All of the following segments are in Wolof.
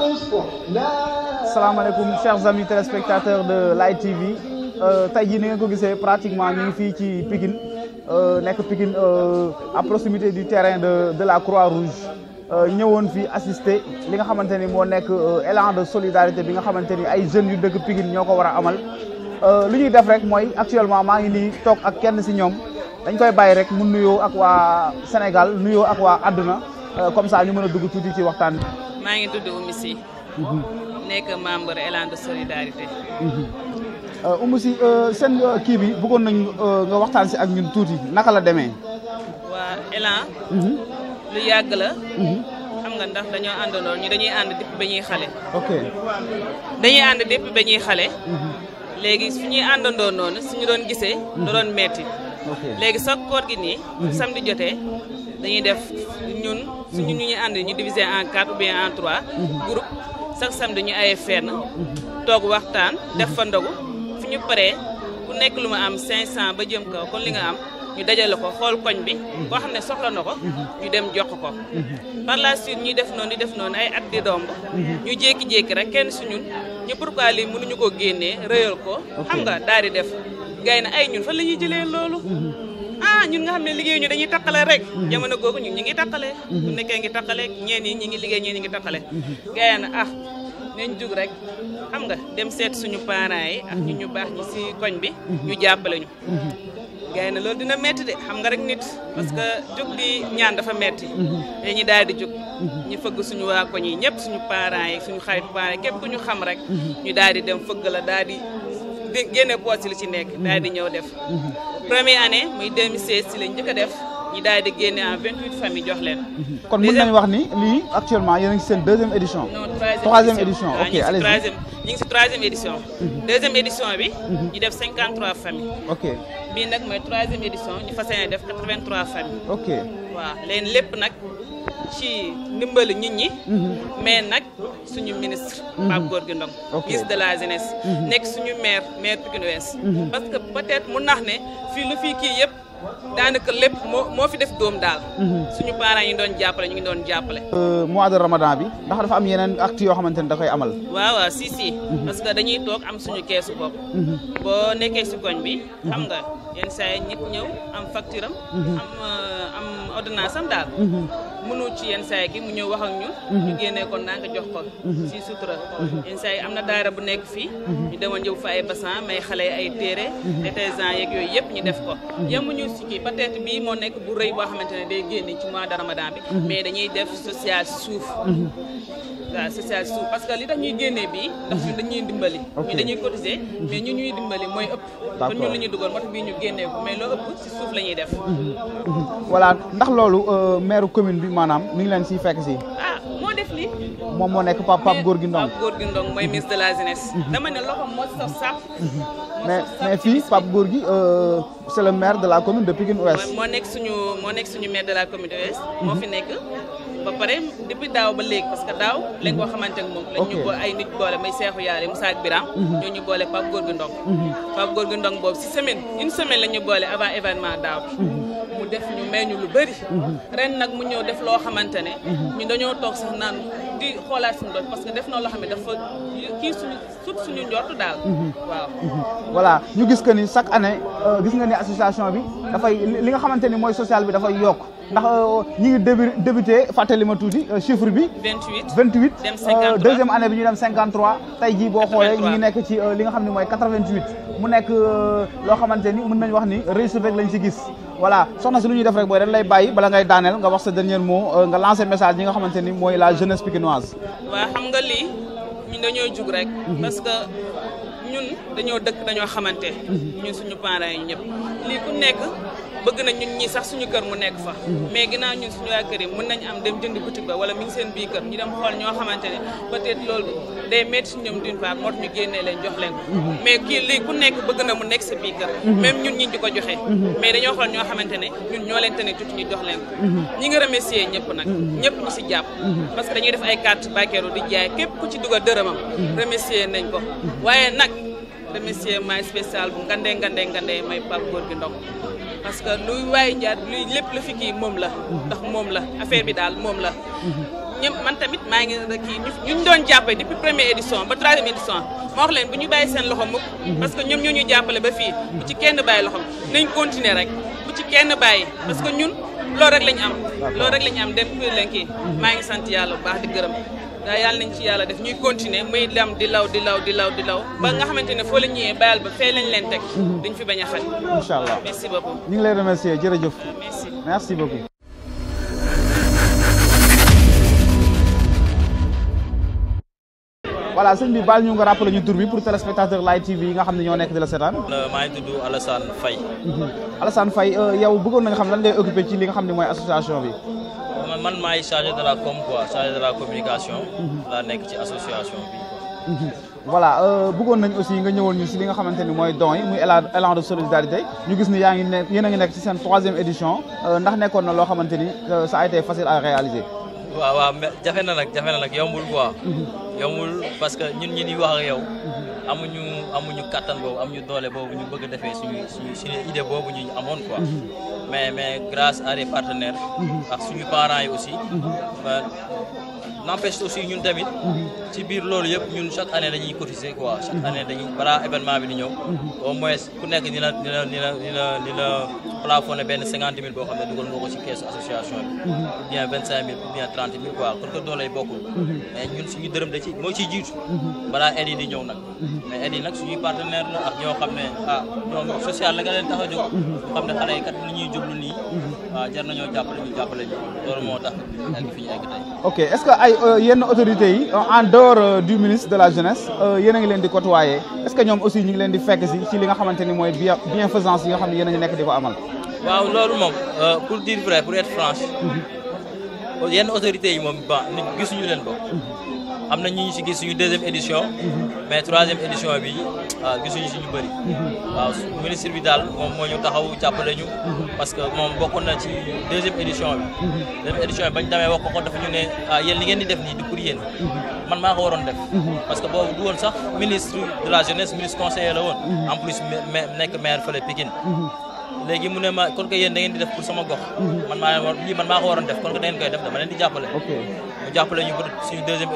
salaamaaleykum chers amis téléspectateurs de Light TV euh, tey jii ni ngeen ko gisee pratiquement ñu ngi fii ci Pikine euh, nekk Pikine euh, à proximité du terrain de de la Croix-Rouge ñëwoon fi assister li nga xamante ni moo nekk élan de solidarité bi nga xamante ni ay jeunes yu dëkk Pikine ñoo ko war a amal lu ñuy def rek mooy actuellement maa ngi nii toog ak kenn si ñoom dañ koy bàyyi rek mu nuyoo ak waa Sénégal nuyoo ak waa àdduna comme ça ñu mën a dugg tuuti ci waxtaan bi maa ngi tudd Oumou Sy nekk membre élan de solidarité euh, Oumou Sy euh, seen euh, kii bi bëggoon nañ nga waxtaan si ak ñun tuuti naka la demee waa élan mhm. lu yàgg la mhm. xam nga ndax dañoo àndandoo ñi dañuy ànd depuis ba ñuy xale ok dañuy ànd depuis ba ñuy xale mhm. léegi su ñuy àndandoo noonu suñu doon gisee da doon metti léegi sa kor gi nii samedi jotee dañuy def ñun suñu ñu ñuy ànd ñu diviser en quatre ou bien en trois mhm. groupe chaque ñu ay fenn mhm. toog waxtaan def fa mhm. ndogu fu ñu paree ku nekk lu ma am cinq cent ba jëm kaw kon li nga am ñu dajale ko xool koñ bi koo xam ne soxla na ko ñu dem jox ko par la suite ñuy def noon di def noon ay at di domb ñu jékki-jékki rek kenn suñu ñu pourquoi lii ñu ko génnee rëyal ko xam nga daal di def gay ay ñun fa la ñuy loolu ah ñun nga xam ne liggéey ñu dañuy taqale rek jamono googu ñun ñu ngi taqale bu mm-hmm. nekkee ngi taqale ñeen ñi ñi ngi liggéey ñeen ngi taqale mm-hmm. gaay na ah nañ jug rek xam nga dem seet suñu parents yi ak ñu mm-hmm. ñu baax ñi si koñ bi ñu jàppale ñu gaay loolu dina metti de xam nga rek nit parce que jóg di ñaan dafa metti dañuy daal di jóg ñu fëgg suñu waa koñ yi ñëpp suñu parents yi suñu xarit parents yi ku ñu xam rek ñu daal di dem fëgg la daal di génne poos lu ci nekk daal ñëw def première année muy 2016 ci lañ njëkk a def ñi daal génne en 28 jox leen kon mën nañu wax ni lii actuellement yéen a seen deuxième édition troisième édition ok si troisième édition mhm. deuxième édition bi mhm. ñu def 53 ok bii mooy troisième édition ñu fas def 83 ok waaw leen lépp nag ci ndimbalu nit ñi. mais nag suñu ministre. Pape Gorgui Ndong. de la jeunesse. Mhm. nekk suñu maire maire Pikine Ouest. Mhm. parce que peut mu nax ne fi lu fii kii yëpp. daanaka lépp moo moo fi def doom daal. Mhm. suñu parents yi doon jàppale ñu ngi doon jàppale. Euh, mois de ramadan bi ndax dafa am yeneen actes yoo xamante ne da amal. waaw waaw si dañuy toog am suñu keesu bopp. boo nekkee si koñ bi xam nga. yenn saa yi nit ñëw am facture am. Mhm. am euh, am ordonnance am daal. mënu mhm. ci yenn saa gi mu ñëw wax ak ñun. Mhm. ñu génne ko nanga jox ko. si sutura. yenn saa am na daara bu nekk fii. ñu demoon yóbbu fa ay bassan may xale ay téere. détergent yeeg yooyu yëpp ñu def ko. yemuñu si kii peut-être bii moo nekk bu rëy boo xamante ne day génne ci mois de ramadan bi. mais dañuy def social suuf. waaw social suuf parce que li tax ñuy génnee bii ndax ñun dañuy dimbali ñu dañuy cotiser mais ñu ñuy dimbali mooy ëpp kon ñu la ñuy dugal moo ñu génnee ko ëpp si suuf la ñuy def mhm. Mhm. voilà ndax loolu euh, maire commune bi maanaam mi ngi leen siy fekk si ah moo def li moom moo nekk Pape Pape Gorgui Ndong Pape Gorgui mooy ministre de la jeunesse mhm. dama ne loxo moo saf saf mais mais fii Pape Gorgui euh, c'est maire de la commune de Pikine Ouest moo nekk suñu moo nekk suñu maire de la commune de Ouest moo fi nekk ba pare depuis daaw ba léegi parce que daaw léegi boo xamante ne moom lañ ñu boole ay nit boole may seexu yaale Moussa ak Biram mhm. ñoo ñu boole Pape Gorgui Ndong mhm. Pape boobu si semaine une semaine la ñu boole avant événement daaw mhm. mu def ñu may ñu lu bëri ren nag mu ñëw def loo xamante ne ñu dañoo toog sax naan di xoolaat suñu doon parce que def na loo xam ne dafa kii suñu sut suñu njort daal waaw voilà ñu gis que ni chaque année euh, gis nga ni association bi dafay li nga xamante ni mooy social bi dafay yokk ndax euh, ñi ngi début débuté fàttali ma tuuti euh, chiffre bi. 28 28. dem 53 euh, deuxième année bi ñu dem 53. tey jii boo xoolee ñu ngi nekk ci li nga xam ne mooy 88. mu nekk loo xamante ni mën nañ wax ni réussite rek lañ si gis. voilà soxna si lu ñuy def rek booy dañ lay bàyyi bala ngay daaneel nga wax sa dernier mot nga lancer message ñi nga xamante ni mooy la jeunesse pikinoise. waaw xam nga lii ñun dañoo jug rek. Mhm. parce que ñun dañoo dëkk dañoo xamante. Mhm. ñun suñu parents yi bëgg nañ ñun ñi sax suñu kër mu nekk fa mais ginaa ñun suñu kër yi mën nañ am dem jënd boutique ba wala mi seen bii kër ñi dem xool ñoo xamante ne peut-être loolu day métti ñoom d'une part moo tax ñu génnee leen jox leen ko mais kii lii ku nekk bëgg na mu nekk sa bii kër même ñun ñi di ko joxe mais dañoo xool ñoo xamante ne ñun ñoo leen tane tuuti ñu jox leen ko ñi nga remercier ñëpp nag ñëpp ñu si jàpp parce que dañuy def ay carte bakkeeru di jaay képp ku ci dugal dërëmam remercier nañ ko waaye nag remercier maay spécial bu ngandee ngandee ngandee may parce que luy waay njaat luy lépp lu fi kii moom la ndax moom la affaire bi daal moom la ñëpp man tamit maa ngi ne kii ñu ñu doon jàppale depuis première édition ba troisième édition ma wax bu ñu bày seen loxo mukk parce que ñoom ñoo ñu jàppale ba fii bu ci kenn bàyyi loxom nañ continuer rek bu ci kenn bàyyi parce que ñun loolu rek lañ am lool rek lañ am depuis leen kii maa ngi sant yàlla bu baax di gërëm daa yàlla nañ ci yàlla def ñuy continuer muy dem di law di law di law di law ba nga xamante ne foo la ñëwee bayal ba fee lañ leen teg mhm. duñ fi bañ a xat incha ngi lay remercier jërëjëf merci merci beaucoup voilà sëñ bi baal ñu nga rappelé ñu tur bi nga xam ne ñoo nekk di la seetaan. maa ngi tudd Alassane Faye. Mhm. Alassane Faye euh, yow buggoon na nga xam lan ngay occupé ci li nga xam ne mooy association bi. man maay chargé de la com quoi chargé la communication. Mhm. laa nekk ci association bi quoi. Mhm. voilà euh, bëggoon nañ aussi nga ñëwoon ñu si li nga xamante ni mooy dons yi muy élan de solidarité ñu gis ni yaa ngi nekk yéen a ngi nekk ci seen troisième édition euh, ndax nekkoon na loo xamante ni sa euh, a été facile à réaliser. waaw waaw mais jafe na nag jafe na nag yombul quoi. Mhm. parce que ñun ñi di wax ak yow. amuñu amuñu kattan boobu amuñu doole boobu ñu bëgg a defee suñu suñu suñu boobu ñu amoon koo mhm. mais mais grace à des par mhm. ak suñu parents yi aussi. Mhm. n'empêche aussi ñun tamit ci biir loolu yëpp ñun chaque année dañuy cotiser quoi chaque mhm. année dañuy balaa événement bi di ñëw mhm. au ku nekk ni la ni la ni la benn cinquante mille boo xam ne dugal nga ko ci keesu association bi mhm. ou vingt cinq mille ou bien trente mille quoi pour doole yi bokkul mais ñun suñu dërëm da moo ciy jiitu balaa aide di ñëw nag mais aide yi nag suñuy partenaire la ñoo xam ne ah ñoom social la nga leen tax a xam ne xale yi kat ñuy jublu nii jar nañoo jàppale ñu jàppale ñu loolu moo tax egg fi ñu egg tey. ok est-ce que ay euh, yenn autorités yi euh, en dehors euh, du ministre de la jeunesse yéen a ngi leen di côtoyer est-ce que ñoom aussi ñu ngi leen di fekk si ci li nga xamante ni mooy bien bienfaisance yi nga xam ne yéen a ngi nekk di ko amal. waaw loolu moom pour dire vrai pour être franche. Mhm. yenn autorités yi moom ba nit gisuñu leen ko. am na ñu ñu ci gis suñu deuxième édition. mais troisième édition bi gisuñu si ñu bëri. waaw ministre bi daal moom moo ñu taxaw jàppale parce que moom bokkoon na ci deuxième édition bi. deuxième édition bi bañ demee wax ko ko dafa ñu ne ah, yéen li ngeen di def nii du pour yéen. man maa ko def. parce que boobu du woon sax ministre de la jeunesse ministre conseiller la woon. en plus nekk maire fële Pikine. léegi mu ne ma kon que yéen di def pour sama gox mhm. man maa leen war lii man maa ko waroon def kon que da ngeen koy def dama leen di jàppale mu jàppale ñu ba suñu mhm.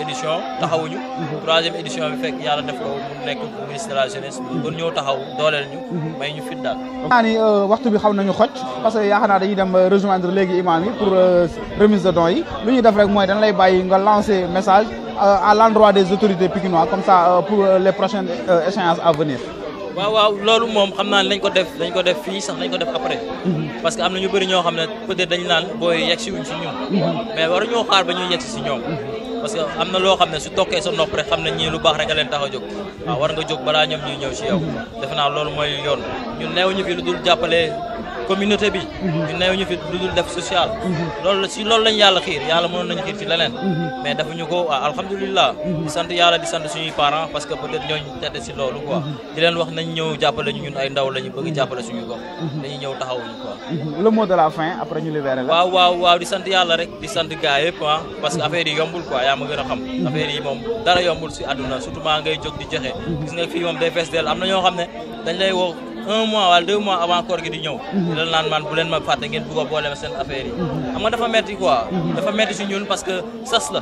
bi yàlla def ko mu nekk ministre de mhm. fit daal ni euh, waxtu bi xaw nañu xoj parce que yaakaar naa dañuy dem euh, rejoindre léegi imam yi pour euh, remise de dons yi lu ñuy def rek mooy dañ lay bàyyi nga lancer message à l'endroit des autorités pikinois comme ça pour les prochaines échéances à venir waaw waaw loolu moom xam naa ne dañ ko def dañ ko def fii sax dañ ko def après. Mhm. parce que am na ñu bëri ñoo xam ne peut-être dañu naan booy yegg si wuñ si ñun. Mhm. mais waruñoo xaar ba ñuy yegg si ñoom. Mhm. parce que am na loo xam ne su tokkee sa nopp rek xam ne ñii lu baax rek leen tax a jóg. waaw war nga jóg balaa ñoom ñuy ñëw si yow. defe naa loolu mooy yoon ñun neewuñu fi lu dul jàppale. communauté bi mhm. ñu neew ñu fi lu dul def social mhm. loolu si loolu lañ yàlla xiir yàlla mënoon nañu xiir ci leneen mhm. mais dafa ñu ko waaw ah, alhamdulilah di sant yàlla di sant suñuy parents parce que peut-être ñooñu tedd si loolu quoi di leen wax nañ ñëw jàppale ñu ñun ay ndaw lañu bëgg jàppale suñu gox dañuy ñëw taxaw ñu waaw waaw di sant yàlla rek di sant gars yëpp ah, parce que affaire yombul quoi yaa ma a xam affaire moom dara yombul si àdduna surtout nga fii un mois wala deux mois avant koor gi di ñëw mhm. lan naan man bu leen ma fàtte ngeen bëgg a boole ma seen affaire yi mhm. xam nga dafa metti mhm. dafa metti si ñun parce que sas la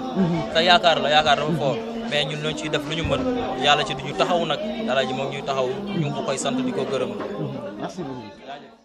te yaakaar la yaakaar dafa foor mais ñun ñoo ciy def lu ñu mën yàlla ci du ñu taxaw nag yàlla ji moom ñuy taxaw ñu ngi ko koy sant di ko gërëm merci